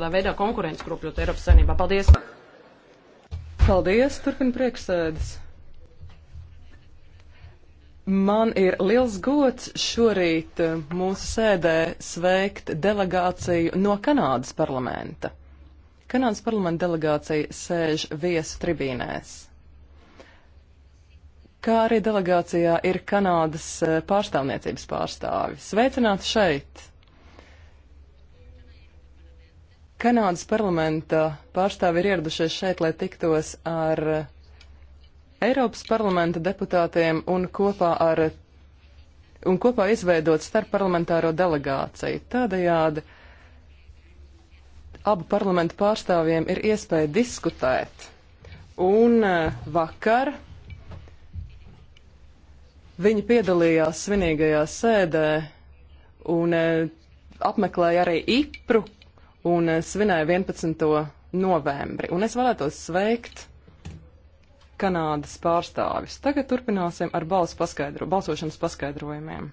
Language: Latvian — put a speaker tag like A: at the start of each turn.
A: kādā veidā konkurence kropļot Eiropas saimnībā. Paldies! Paldies, turpina priekšsēdis. Man ir liels gods šorīt eh, mūsu sēdē sveikt delegāciju no Kanādas parlamenta. Kanādas parlamenta delegācija sēž viesu tribīnēs. Kā arī delegācijā ir Kanādas eh, pārstāvniecības pārstāvi. Sveicināti šeit! Kanādas parlamenta pārstāvi ir ieradušies šeit, lai tiktos ar Eiropas parlamenta deputātiem un kopā ar un kopā izveidot starpparlamentāro delegāciju. Tādējādi abu parlamentu pārstāvjiem ir iespēja diskutēt. Un eh, vakar viņi piedalījās svinīgajā sēdē un eh, apmeklēja arī Ipru, un eh, svinēja 11. novembri. Un es vēlētos sveikt Kanādas pārstāvis. Tagad turpināsim ar balsu paskaidro, balsošanas paskaidrojumiem.